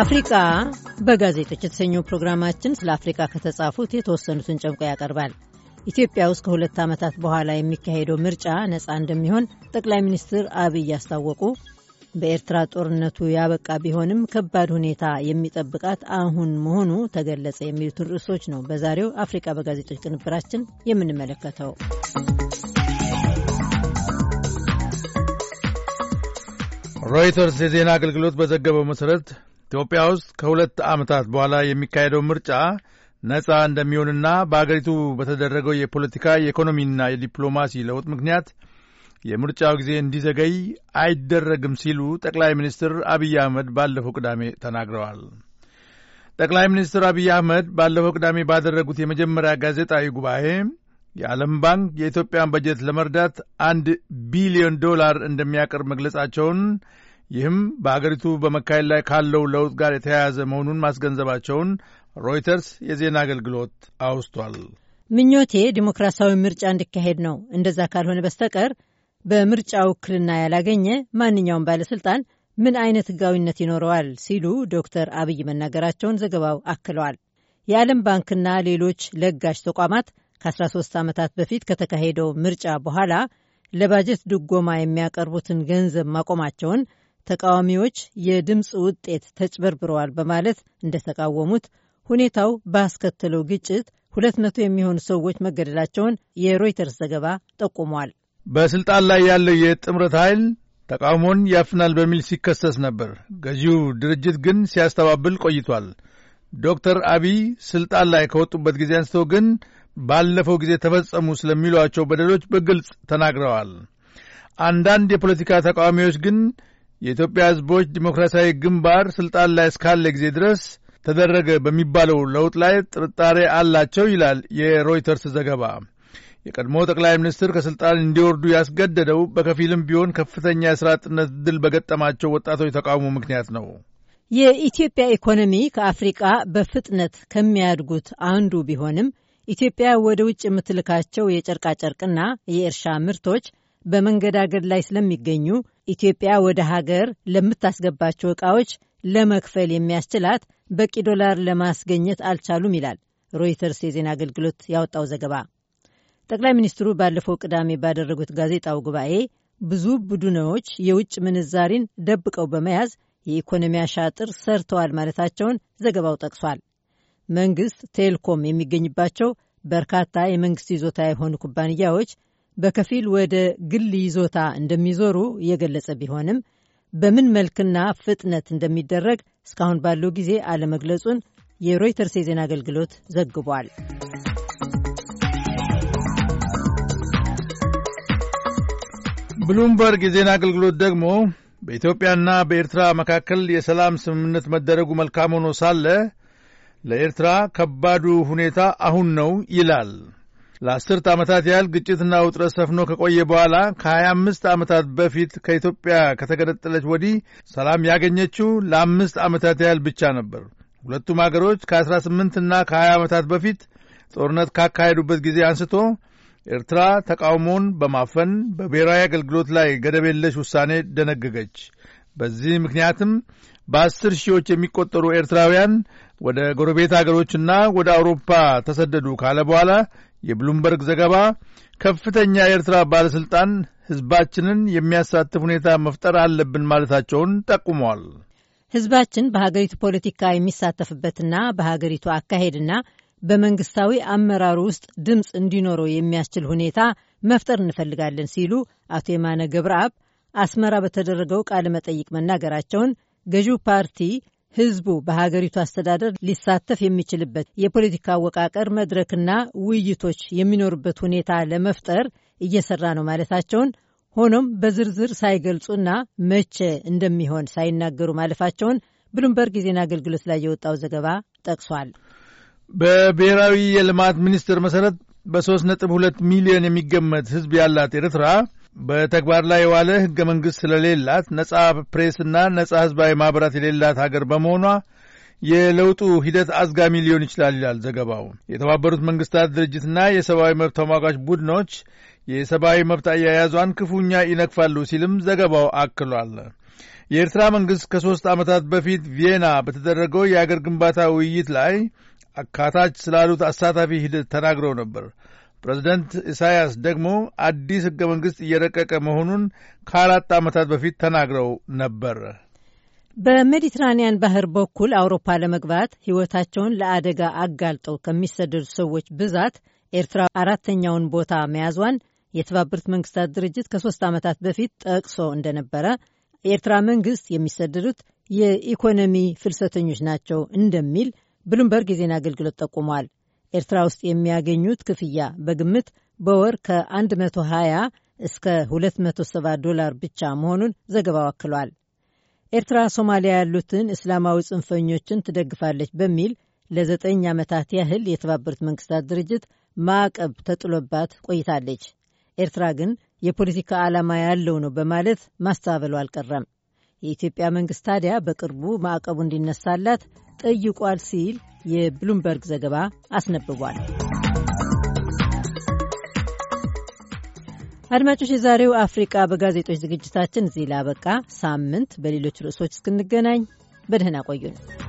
አፍሪቃ በጋዜጦች የተሰኘው ፕሮግራማችን ስለ አፍሪቃ ከተጻፉት የተወሰኑትን ጨምቆ ያቀርባል። ኢትዮጵያ ውስጥ ከሁለት ዓመታት በኋላ የሚካሄደው ምርጫ ነፃ እንደሚሆን ጠቅላይ ሚኒስትር አብይ አስታወቁ። በኤርትራ ጦርነቱ ያበቃ ቢሆንም ከባድ ሁኔታ የሚጠብቃት አሁን መሆኑ ተገለጸ። የሚሉትን ርዕሶች ነው በዛሬው አፍሪቃ በጋዜጦች ቅንብራችን የምንመለከተው። ሮይተርስ የዜና አገልግሎት በዘገበው መሠረት ኢትዮጵያ ውስጥ ከሁለት ዓመታት በኋላ የሚካሄደው ምርጫ ነጻ እንደሚሆንና በአገሪቱ በተደረገው የፖለቲካ የኢኮኖሚና የዲፕሎማሲ ለውጥ ምክንያት የምርጫው ጊዜ እንዲዘገይ አይደረግም ሲሉ ጠቅላይ ሚኒስትር አብይ አህመድ ባለፈው ቅዳሜ ተናግረዋል። ጠቅላይ ሚኒስትር አብይ አህመድ ባለፈው ቅዳሜ ባደረጉት የመጀመሪያ ጋዜጣዊ ጉባኤ የዓለም ባንክ የኢትዮጵያን በጀት ለመርዳት አንድ ቢሊዮን ዶላር እንደሚያቀርብ መግለጻቸውን ይህም በአገሪቱ በመካሄድ ላይ ካለው ለውጥ ጋር የተያያዘ መሆኑን ማስገንዘባቸውን ሮይተርስ የዜና አገልግሎት አውስቷል። ምኞቴ ዲሞክራሲያዊ ምርጫ እንዲካሄድ ነው። እንደዛ ካልሆነ በስተቀር በምርጫ ውክልና ያላገኘ ማንኛውም ባለስልጣን ምን አይነት ህጋዊነት ይኖረዋል ሲሉ ዶክተር አብይ መናገራቸውን ዘገባው አክለዋል። የዓለም ባንክና ሌሎች ለጋሽ ተቋማት ከ13 ዓመታት በፊት ከተካሄደው ምርጫ በኋላ ለባጀት ድጎማ የሚያቀርቡትን ገንዘብ ማቆማቸውን ተቃዋሚዎች የድምፅ ውጤት ተጭበርብረዋል በማለት እንደተቃወሙት ሁኔታው ባስከተለው ግጭት ሁለት መቶ የሚሆኑ ሰዎች መገደላቸውን የሮይተርስ ዘገባ ጠቁሟል። በስልጣን ላይ ያለው የጥምረት ኃይል ተቃውሞን ያፍናል በሚል ሲከሰስ ነበር። ገዢው ድርጅት ግን ሲያስተባብል ቆይቷል። ዶክተር አብይ ስልጣን ላይ ከወጡበት ጊዜ አንስቶ ግን ባለፈው ጊዜ ተፈጸሙ ስለሚሏቸው በደሎች በግልጽ ተናግረዋል። አንዳንድ የፖለቲካ ተቃዋሚዎች ግን የኢትዮጵያ ሕዝቦች ዲሞክራሲያዊ ግንባር ስልጣን ላይ እስካለ ጊዜ ድረስ ተደረገ በሚባለው ለውጥ ላይ ጥርጣሬ አላቸው ይላል የሮይተርስ ዘገባ። የቀድሞ ጠቅላይ ሚኒስትር ከስልጣን እንዲወርዱ ያስገደደው በከፊልም ቢሆን ከፍተኛ የስራ አጥነት ድል በገጠማቸው ወጣቶች ተቃውሞ ምክንያት ነው። የኢትዮጵያ ኢኮኖሚ ከአፍሪቃ በፍጥነት ከሚያድጉት አንዱ ቢሆንም ኢትዮጵያ ወደ ውጭ የምትልካቸው የጨርቃጨርቅና የእርሻ ምርቶች በመንገዳገድ ላይ ስለሚገኙ ኢትዮጵያ ወደ ሀገር ለምታስገባቸው ዕቃዎች ለመክፈል የሚያስችላት በቂ ዶላር ለማስገኘት አልቻሉም ይላል ሮይተርስ የዜና አገልግሎት ያወጣው ዘገባ። ጠቅላይ ሚኒስትሩ ባለፈው ቅዳሜ ባደረጉት ጋዜጣው ጉባኤ ብዙ ቡድኖች የውጭ ምንዛሪን ደብቀው በመያዝ የኢኮኖሚ አሻጥር ሰርተዋል ማለታቸውን ዘገባው ጠቅሷል። መንግስት ቴልኮም የሚገኝባቸው በርካታ የመንግስት ይዞታ የሆኑ ኩባንያዎች በከፊል ወደ ግል ይዞታ እንደሚዞሩ የገለጸ ቢሆንም በምን መልክና ፍጥነት እንደሚደረግ እስካሁን ባለው ጊዜ አለመግለጹን የሮይተርስ የዜና አገልግሎት ዘግቧል። ብሉምበርግ የዜና አገልግሎት ደግሞ በኢትዮጵያና በኤርትራ መካከል የሰላም ስምምነት መደረጉ መልካም ሆኖ ሳለ ለኤርትራ ከባዱ ሁኔታ አሁን ነው ይላል። ለአስርት ዓመታት ያህል ግጭትና ውጥረት ሰፍኖ ከቆየ በኋላ ከ25 ዓመታት በፊት ከኢትዮጵያ ከተገነጠለች ወዲህ ሰላም ያገኘችው ለአምስት ዓመታት ያህል ብቻ ነበር። ሁለቱም አገሮች ከ 18 እና ከ20 ዓመታት በፊት ጦርነት ካካሄዱበት ጊዜ አንስቶ ኤርትራ ተቃውሞውን በማፈን በብሔራዊ አገልግሎት ላይ ገደብ የለሽ ውሳኔ ደነገገች። በዚህ ምክንያትም በአስር ሺዎች የሚቆጠሩ ኤርትራውያን ወደ ጎረቤት አገሮችና ወደ አውሮፓ ተሰደዱ ካለ በኋላ የብሉምበርግ ዘገባ ከፍተኛ የኤርትራ ባለሥልጣን ሕዝባችንን የሚያሳትፍ ሁኔታ መፍጠር አለብን ማለታቸውን ጠቁመዋል። ሕዝባችን በሀገሪቱ ፖለቲካ የሚሳተፍበትና በሀገሪቱ አካሄድና በመንግስታዊ አመራሩ ውስጥ ድምፅ እንዲኖረው የሚያስችል ሁኔታ መፍጠር እንፈልጋለን ሲሉ አቶ የማነ ገብረአብ አስመራ በተደረገው ቃለ መጠይቅ መናገራቸውን ገዢው ፓርቲ ህዝቡ በሀገሪቱ አስተዳደር ሊሳተፍ የሚችልበት የፖለቲካ አወቃቀር መድረክና ውይይቶች የሚኖርበት ሁኔታ ለመፍጠር እየሰራ ነው ማለታቸውን፣ ሆኖም በዝርዝር ሳይገልጹና መቼ እንደሚሆን ሳይናገሩ ማለፋቸውን ብሉምበርግ የዜና አገልግሎት ላይ የወጣው ዘገባ ጠቅሷል። በብሔራዊ የልማት ሚኒስቴር መሰረት በ3.2 ሚሊዮን የሚገመት ህዝብ ያላት ኤርትራ በተግባር ላይ የዋለ ሕገ መንግሥት ስለሌላት ነጻ ፕሬስና ነጻ ሕዝባዊ ማኅበራት የሌላት አገር በመሆኗ የለውጡ ሂደት አዝጋሚ ሊሆን ይችላል ይላል ዘገባው። የተባበሩት መንግስታት ድርጅትና የሰብአዊ መብት ተሟጋች ቡድኖች የሰብአዊ መብት አያያዟን ክፉኛ ይነክፋሉ ሲልም ዘገባው አክሏል። የኤርትራ መንግሥት ከሦስት ዓመታት በፊት ቪየና በተደረገው የአገር ግንባታ ውይይት ላይ አካታች ስላሉት አሳታፊ ሂደት ተናግረው ነበር። ፕሬዝደንት ኢሳያስ ደግሞ አዲስ ሕገ መንግሥት እየረቀቀ መሆኑን ከአራት ዓመታት በፊት ተናግረው ነበር። በሜዲትራንያን ባህር በኩል አውሮፓ ለመግባት ሕይወታቸውን ለአደጋ አጋልጠው ከሚሰደዱ ሰዎች ብዛት ኤርትራ አራተኛውን ቦታ መያዟን የተባበሩት መንግስታት ድርጅት ከሶስት ዓመታት በፊት ጠቅሶ እንደነበረ የኤርትራ መንግስት የሚሰደዱት የኢኮኖሚ ፍልሰተኞች ናቸው እንደሚል ብሉምበርግ የዜና አገልግሎት ጠቁሟል። ኤርትራ ውስጥ የሚያገኙት ክፍያ በግምት በወር ከ120 እስከ 270 ዶላር ብቻ መሆኑን ዘገባው አክሏል። ኤርትራ ሶማሊያ ያሉትን እስላማዊ ጽንፈኞችን ትደግፋለች በሚል ለዘጠኝ ዓመታት ያህል የተባበሩት መንግስታት ድርጅት ማዕቀብ ተጥሎባት ቆይታለች። ኤርትራ ግን የፖለቲካ ዓላማ ያለው ነው በማለት ማስተባበሉ አልቀረም። የኢትዮጵያ መንግስት ታዲያ በቅርቡ ማዕቀቡ እንዲነሳላት ጠይቋል ሲል የብሉምበርግ ዘገባ አስነብቧል። አድማጮች፣ የዛሬው አፍሪቃ በጋዜጦች ዝግጅታችን እዚህ ላበቃ። ሳምንት በሌሎች ርዕሶች እስክንገናኝ በደህና ቆዩን።